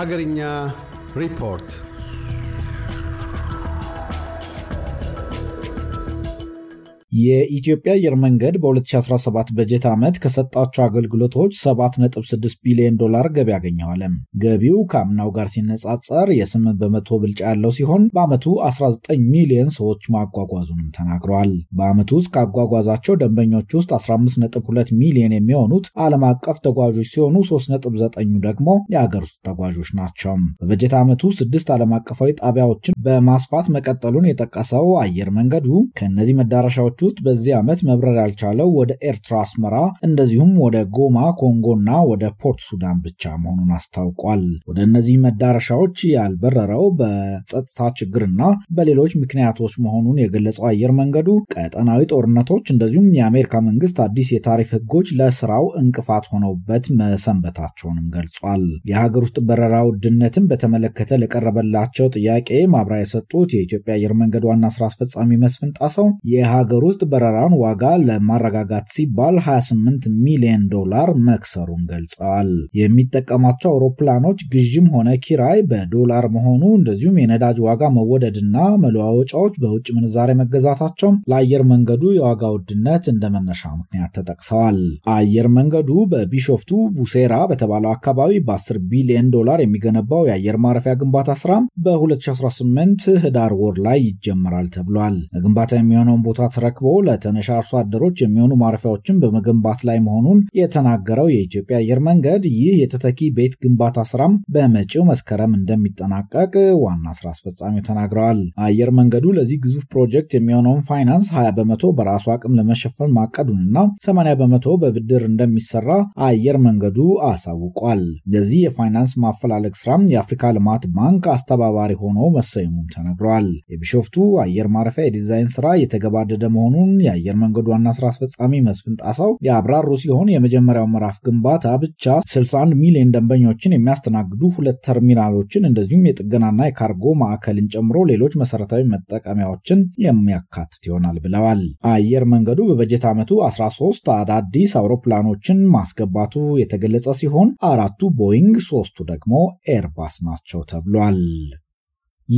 Hagarinya Report የኢትዮጵያ አየር መንገድ በ2017 በጀት ዓመት ከሰጣቸው አገልግሎቶች 7.6 ቢሊዮን ዶላር ገቢ ያገኘዋል። ገቢው ከአምናው ጋር ሲነጻጸር የ8 በመቶ ብልጫ ያለው ሲሆን በዓመቱ 19 ሚሊዮን ሰዎች ማጓጓዙንም ተናግረዋል። በዓመቱ ውስጥ ካጓጓዛቸው ደንበኞች ውስጥ 15.2 ሚሊዮን የሚሆኑት ዓለም አቀፍ ተጓዦች ሲሆኑ 3.9ኙ ደግሞ የአገር ውስጥ ተጓዦች ናቸው። በበጀት ዓመቱ ስድስት ዓለም አቀፋዊ ጣቢያዎችን በማስፋት መቀጠሉን የጠቀሰው አየር መንገዱ ከእነዚህ መዳረሻዎች ውስጥ በዚህ ዓመት መብረር ያልቻለው ወደ ኤርትራ አስመራ፣ እንደዚሁም ወደ ጎማ ኮንጎና ወደ ፖርት ሱዳን ብቻ መሆኑን አስታውቋል። ወደ እነዚህ መዳረሻዎች ያልበረረው በጸጥታ ችግርና በሌሎች ምክንያቶች መሆኑን የገለጸው አየር መንገዱ ቀጠናዊ ጦርነቶች፣ እንደዚሁም የአሜሪካ መንግስት አዲስ የታሪፍ ህጎች ለስራው እንቅፋት ሆነውበት መሰንበታቸውንም ገልጿል። የሀገር ውስጥ በረራ ውድነትን በተመለከተ ለቀረበላቸው ጥያቄ ማብራሪያ የሰጡት የኢትዮጵያ አየር መንገድ ዋና ስራ አስፈጻሚ መስፍን ጣሰው የሀገሩ ውስጥ በረራውን ዋጋ ለማረጋጋት ሲባል 28 ሚሊዮን ዶላር መክሰሩን ገልጸዋል። የሚጠቀማቸው አውሮፕላኖች ግዥም ሆነ ኪራይ በዶላር መሆኑ እንደዚሁም የነዳጅ ዋጋ መወደድና መለዋወጫዎች በውጭ ምንዛሬ መገዛታቸውም ለአየር መንገዱ የዋጋ ውድነት እንደ መነሻ ምክንያት ተጠቅሰዋል። አየር መንገዱ በቢሾፍቱ ቡሴራ በተባለው አካባቢ በ10 ቢሊዮን ዶላር የሚገነባው የአየር ማረፊያ ግንባታ ስራም በ2018 ህዳር ወር ላይ ይጀምራል ተብሏል። ለግንባታ የሚሆነውን ቦታ ትረክ ተረክቦ ለትንሽ አርሶ አደሮች የሚሆኑ ማረፊያዎችን በመገንባት ላይ መሆኑን የተናገረው የኢትዮጵያ አየር መንገድ ይህ የተተኪ ቤት ግንባታ ስራም በመጪው መስከረም እንደሚጠናቀቅ ዋና ስራ አስፈጻሚው ተናግረዋል። አየር መንገዱ ለዚህ ግዙፍ ፕሮጀክት የሚሆነውን ፋይናንስ 20 በመቶ በራሱ አቅም ለመሸፈን ማቀዱንና 80 በመቶ በብድር እንደሚሰራ አየር መንገዱ አሳውቋል። ለዚህ የፋይናንስ ማፈላለግ ስራም የአፍሪካ ልማት ባንክ አስተባባሪ ሆኖ መሰየሙም ተነግሯል። የቢሾፍቱ አየር ማረፊያ የዲዛይን ስራ የተገባደደ መሆኑ መሆኑን የአየር መንገዱ ዋና ስራ አስፈጻሚ መስፍን ጣሳው ያብራሩ ሲሆን የመጀመሪያው ምዕራፍ ግንባታ ብቻ 61 ሚሊዮን ደንበኞችን የሚያስተናግዱ ሁለት ተርሚናሎችን እንደዚሁም የጥገናና የካርጎ ማዕከልን ጨምሮ ሌሎች መሰረታዊ መጠቀሚያዎችን የሚያካትት ይሆናል ብለዋል። አየር መንገዱ በበጀት ዓመቱ 13 አዳዲስ አውሮፕላኖችን ማስገባቱ የተገለጸ ሲሆን አራቱ ቦይንግ፣ ሶስቱ ደግሞ ኤርባስ ናቸው ተብሏል።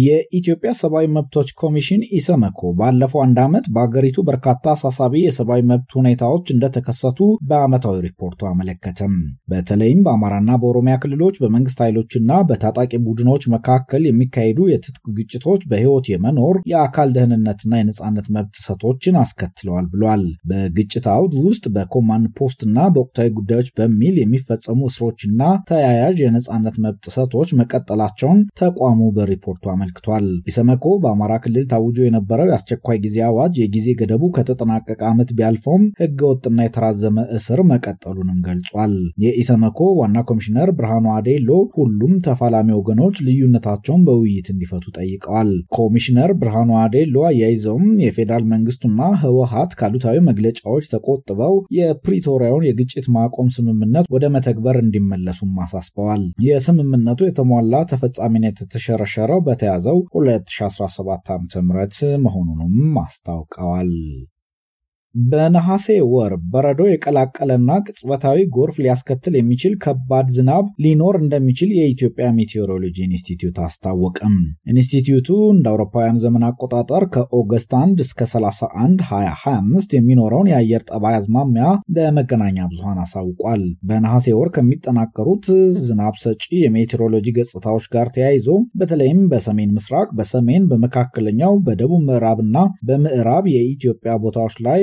የኢትዮጵያ ሰብአዊ መብቶች ኮሚሽን ኢሰመኮ ባለፈው አንድ ዓመት በአገሪቱ በርካታ አሳሳቢ የሰብአዊ መብት ሁኔታዎች እንደተከሰቱ በዓመታዊ ሪፖርቱ አመለከተም። በተለይም በአማራና በኦሮሚያ ክልሎች በመንግስት ኃይሎችና በታጣቂ ቡድኖች መካከል የሚካሄዱ የትጥቅ ግጭቶች በህይወት የመኖር የአካል ደህንነትና የነፃነት መብት ጥሰቶችን አስከትለዋል ብሏል። በግጭት አውድ ውስጥ በኮማንድ ፖስት በወቅታዊ ጉዳዮች በሚል የሚፈጸሙ እስሮችና ተያያዥ የነፃነት መብት ጥሰቶች መቀጠላቸውን ተቋሙ በሪፖርቱ አመልክቷል። ኢሰመኮ በአማራ ክልል ታውጆ የነበረው የአስቸኳይ ጊዜ አዋጅ የጊዜ ገደቡ ከተጠናቀቀ ዓመት ቢያልፈውም ህገወጥና የተራዘመ እስር መቀጠሉንም ገልጿል። የኢሰመኮ ዋና ኮሚሽነር ብርሃኑ አዴሎ ሁሉም ተፋላሚ ወገኖች ልዩነታቸውን በውይይት እንዲፈቱ ጠይቀዋል። ኮሚሽነር ብርሃኑ አዴሎ አያይዘውም የፌዴራል መንግስቱና ህወሀት ካሉታዊ መግለጫዎች ተቆጥበው የፕሪቶሪያውን የግጭት ማቆም ስምምነት ወደ መተግበር እንዲመለሱም አሳስበዋል። የስምምነቱ የተሟላ ተፈጻሚነት የተሸረሸረው በተያ የያዘው 2017 ዓ ም መሆኑንም አስታውቀዋል። በነሐሴ ወር በረዶ የቀላቀለና ቅጽበታዊ ጎርፍ ሊያስከትል የሚችል ከባድ ዝናብ ሊኖር እንደሚችል የኢትዮጵያ ሜቴዎሮሎጂ ኢንስቲትዩት አስታወቀም። ኢንስቲትዩቱ እንደ አውሮፓውያን ዘመን አቆጣጠር ከኦገስት 1 እስከ 31 2025 የሚኖረውን የአየር ጠባይ አዝማሚያ ለመገናኛ ብዙሃን አሳውቋል። በነሐሴ ወር ከሚጠናከሩት ዝናብ ሰጪ የሜቴሮሎጂ ገጽታዎች ጋር ተያይዞ በተለይም በሰሜን ምስራቅ፣ በሰሜን፣ በመካከለኛው፣ በደቡብ ምዕራብና በምዕራብ የኢትዮጵያ ቦታዎች ላይ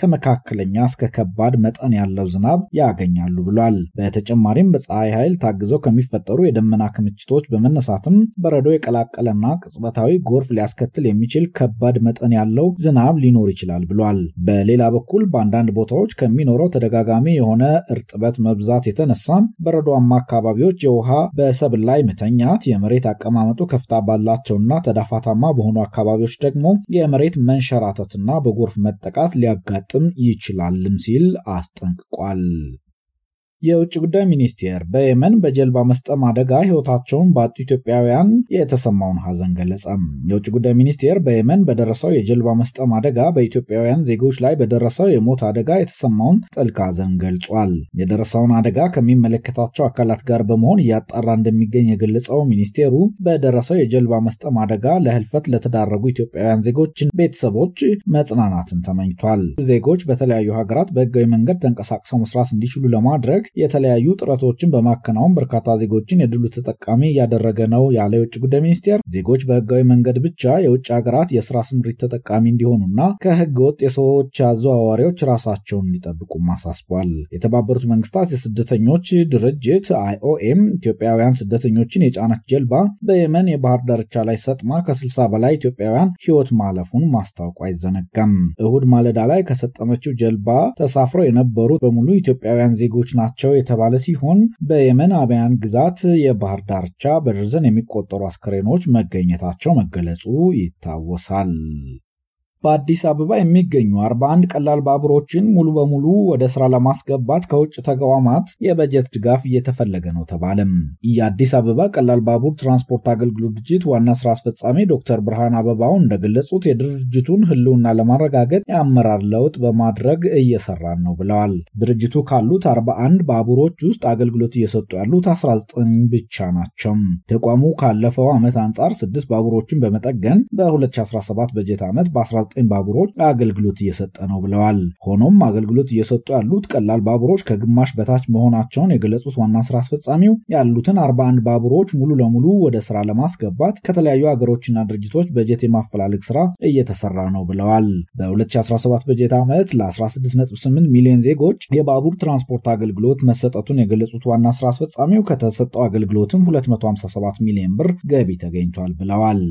ከመካከለኛ እስከ ከባድ መጠን ያለው ዝናብ ያገኛሉ ብሏል። በተጨማሪም በፀሐይ ኃይል ታግዘው ከሚፈጠሩ የደመና ክምችቶች በመነሳትም በረዶ የቀላቀለና ቅጽበታዊ ጎርፍ ሊያስከትል የሚችል ከባድ መጠን ያለው ዝናብ ሊኖር ይችላል ብሏል። በሌላ በኩል በአንዳንድ ቦታዎች ከሚኖረው ተደጋጋሚ የሆነ እርጥበት መብዛት የተነሳም በረዶማ አካባቢዎች የውሃ በሰብል ላይ መተኛት፣ የመሬት አቀማመጡ ከፍታ ባላቸውና ተዳፋታማ በሆኑ አካባቢዎች ደግሞ የመሬት መንሸራተትና በጎርፍ መጠቃት ሊያጋ ሊያጋጥም ይችላልም ሲል አስጠንቅቋል። የውጭ ጉዳይ ሚኒስቴር በየመን በጀልባ መስጠም አደጋ ህይወታቸውን ባጡ ኢትዮጵያውያን የተሰማውን ሀዘን ገለጸ። የውጭ ጉዳይ ሚኒስቴር በየመን በደረሰው የጀልባ መስጠም አደጋ በኢትዮጵያውያን ዜጎች ላይ በደረሰው የሞት አደጋ የተሰማውን ጥልቅ ሀዘን ገልጿል። የደረሰውን አደጋ ከሚመለከታቸው አካላት ጋር በመሆን እያጣራ እንደሚገኝ የገለጸው ሚኒስቴሩ በደረሰው የጀልባ መስጠም አደጋ ለህልፈት ለተዳረጉ ኢትዮጵያውያን ዜጎች ቤተሰቦች መጽናናትን ተመኝቷል። ዜጎች በተለያዩ ሀገራት በህጋዊ መንገድ ተንቀሳቅሰው መስራት እንዲችሉ ለማድረግ የተለያዩ ጥረቶችን በማከናወን በርካታ ዜጎችን የድሉ ተጠቃሚ እያደረገ ነው ያለ የውጭ ጉዳይ ሚኒስቴር ዜጎች በህጋዊ መንገድ ብቻ የውጭ ሀገራት የስራ ስምሪት ተጠቃሚ እንዲሆኑና ከህገ ወጥ የሰዎች አዘዋዋሪዎች ራሳቸውን እንዲጠብቁም አሳስቧል። የተባበሩት መንግስታት የስደተኞች ድርጅት አይኦኤም ኢትዮጵያውያን ስደተኞችን የጫነች ጀልባ በየመን የባህር ዳርቻ ላይ ሰጥማ ከ60 በላይ ኢትዮጵያውያን ህይወት ማለፉን ማስታወቁ አይዘነጋም። እሁድ ማለዳ ላይ ከሰጠመችው ጀልባ ተሳፍረው የነበሩት በሙሉ ኢትዮጵያውያን ዜጎች ናቸው ናቸው የተባለ ሲሆን በየመን አብያን ግዛት የባህር ዳርቻ በድርዘን የሚቆጠሩ አስክሬኖች መገኘታቸው መገለጹ ይታወሳል። በአዲስ አበባ የሚገኙ 41 ቀላል ባቡሮችን ሙሉ በሙሉ ወደ ስራ ለማስገባት ከውጭ ተቋማት የበጀት ድጋፍ እየተፈለገ ነው ተባለም። የአዲስ አበባ ቀላል ባቡር ትራንስፖርት አገልግሎት ድርጅት ዋና ስራ አስፈጻሚ ዶክተር ብርሃን አበባው እንደገለጹት የድርጅቱን ሕልውና ለማረጋገጥ የአመራር ለውጥ በማድረግ እየሰራን ነው ብለዋል። ድርጅቱ ካሉት 41 ባቡሮች ውስጥ አገልግሎት እየሰጡ ያሉት 19 ብቻ ናቸው። ተቋሙ ካለፈው ዓመት አንጻር ስድስት ባቡሮችን በመጠገን በ2017 በጀት ዓመት በ19 ዘጠኝ ባቡሮች አገልግሎት እየሰጠ ነው ብለዋል። ሆኖም አገልግሎት እየሰጡ ያሉት ቀላል ባቡሮች ከግማሽ በታች መሆናቸውን የገለጹት ዋና ስራ አስፈጻሚው ያሉትን 41 ባቡሮች ሙሉ ለሙሉ ወደ ስራ ለማስገባት ከተለያዩ ሀገሮችና ድርጅቶች በጀት የማፈላለግ ስራ እየተሰራ ነው ብለዋል። በ2017 በጀት ዓመት ለ16.8 ሚሊዮን ዜጎች የባቡር ትራንስፖርት አገልግሎት መሰጠቱን የገለጹት ዋና ስራ አስፈጻሚው ከተሰጠው አገልግሎትም 257 ሚሊዮን ብር ገቢ ተገኝቷል ብለዋል።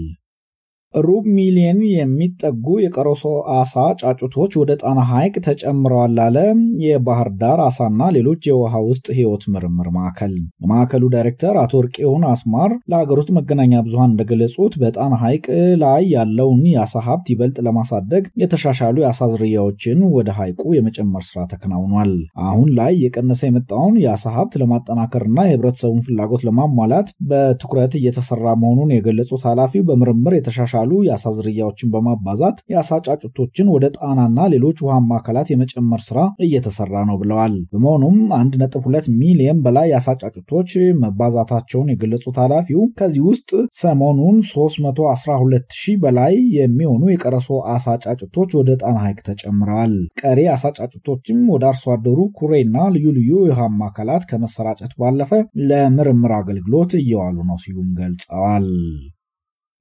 ሩብ ሚሊየን የሚጠጉ የቀረሶ አሳ ጫጩቶች ወደ ጣና ሐይቅ ተጨምረዋል አለ የባህር ዳር አሳና ሌሎች የውሃ ውስጥ ሕይወት ምርምር ማዕከል። የማዕከሉ ዳይሬክተር አቶ ወርቅሁን አስማር ለሀገር ውስጥ መገናኛ ብዙሃን እንደገለጹት በጣና ሐይቅ ላይ ያለውን የአሳ ሀብት ይበልጥ ለማሳደግ የተሻሻሉ የአሳ ዝርያዎችን ወደ ሐይቁ የመጨመር ስራ ተከናውኗል። አሁን ላይ የቀነሰ የመጣውን የአሳ ሀብት ለማጠናከርና የህብረተሰቡን ፍላጎት ለማሟላት በትኩረት እየተሰራ መሆኑን የገለጹት ኃላፊው በምርምር የተሻሻ የተሻሉ የአሳ ዝርያዎችን በማባዛት የአሳ ጫጩቶችን ወደ ጣናና ሌሎች ውሃማ አካላት የመጨመር ስራ እየተሰራ ነው ብለዋል። በመሆኑም 1.2 ሚሊየን በላይ የአሳ ጫጩቶች መባዛታቸውን የገለጹት ኃላፊው ከዚህ ውስጥ ሰሞኑን 312 ሺህ በላይ የሚሆኑ የቀረሶ አሳ ጫጩቶች ወደ ጣና ሐይቅ ተጨምረዋል። ቀሪ አሳ ጫጩቶችም ወደ አርሶ አደሩ ኩሬና ልዩ ልዩ የውሃማ አካላት ከመሰራጨት ባለፈ ለምርምር አገልግሎት እየዋሉ ነው ሲሉም ገልጸዋል።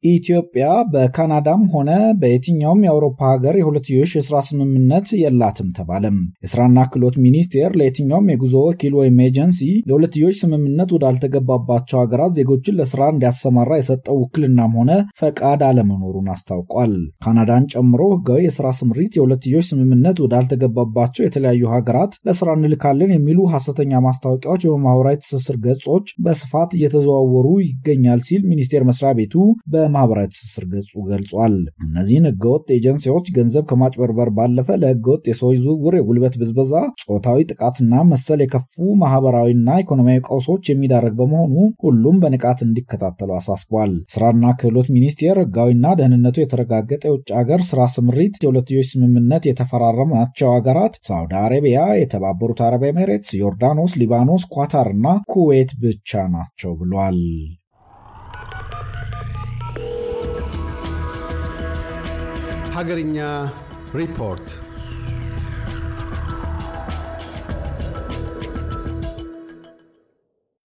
ኢትዮጵያ በካናዳም ሆነ በየትኛውም የአውሮፓ ሀገር የሁለትዮሽ የስራ ስምምነት የላትም ተባለም። የስራና ክህሎት ሚኒስቴር ለየትኛውም የጉዞ ወኪል ወይም ኤጀንሲ ለሁለትዮሽ ስምምነት ወዳልተገባባቸው ሀገራት ዜጎችን ለስራ እንዲያሰማራ የሰጠው ውክልናም ሆነ ፈቃድ አለመኖሩን አስታውቋል። ካናዳን ጨምሮ ህጋዊ የስራ ስምሪት የሁለትዮሽ ስምምነት ወዳልተገባባቸው የተለያዩ ሀገራት ለስራ እንልካለን የሚሉ ሀሰተኛ ማስታወቂያዎች በማህበራዊ ትስስር ገጾች በስፋት እየተዘዋወሩ ይገኛል ሲል ሚኒስቴር መስሪያ ቤቱ በ በማህበራዊ ትስስር ገጹ ገልጿል። እነዚህን ህገወጥ ኤጀንሲዎች ገንዘብ ከማጭበርበር ባለፈ ለህገወጥ የሰዎች ዝውውር፣ የጉልበት ብዝበዛ፣ ጾታዊ ጥቃትና መሰል የከፉ ማህበራዊና ኢኮኖሚያዊ ቀውሶች የሚዳረግ በመሆኑ ሁሉም በንቃት እንዲከታተሉ አሳስቧል። ስራና ክህሎት ሚኒስቴር ህጋዊና ደህንነቱ የተረጋገጠ የውጭ ሀገር ስራ ስምሪት የሁለትዮሽ ስምምነት የተፈራረማቸው ሀገራት ሳውዲ አረቢያ፣ የተባበሩት አረብ ኤምሬትስ፣ ዮርዳኖስ፣ ሊባኖስ፣ ኳታርና ኩዌት ብቻ ናቸው ብሏል። ሀገርኛ ሪፖርት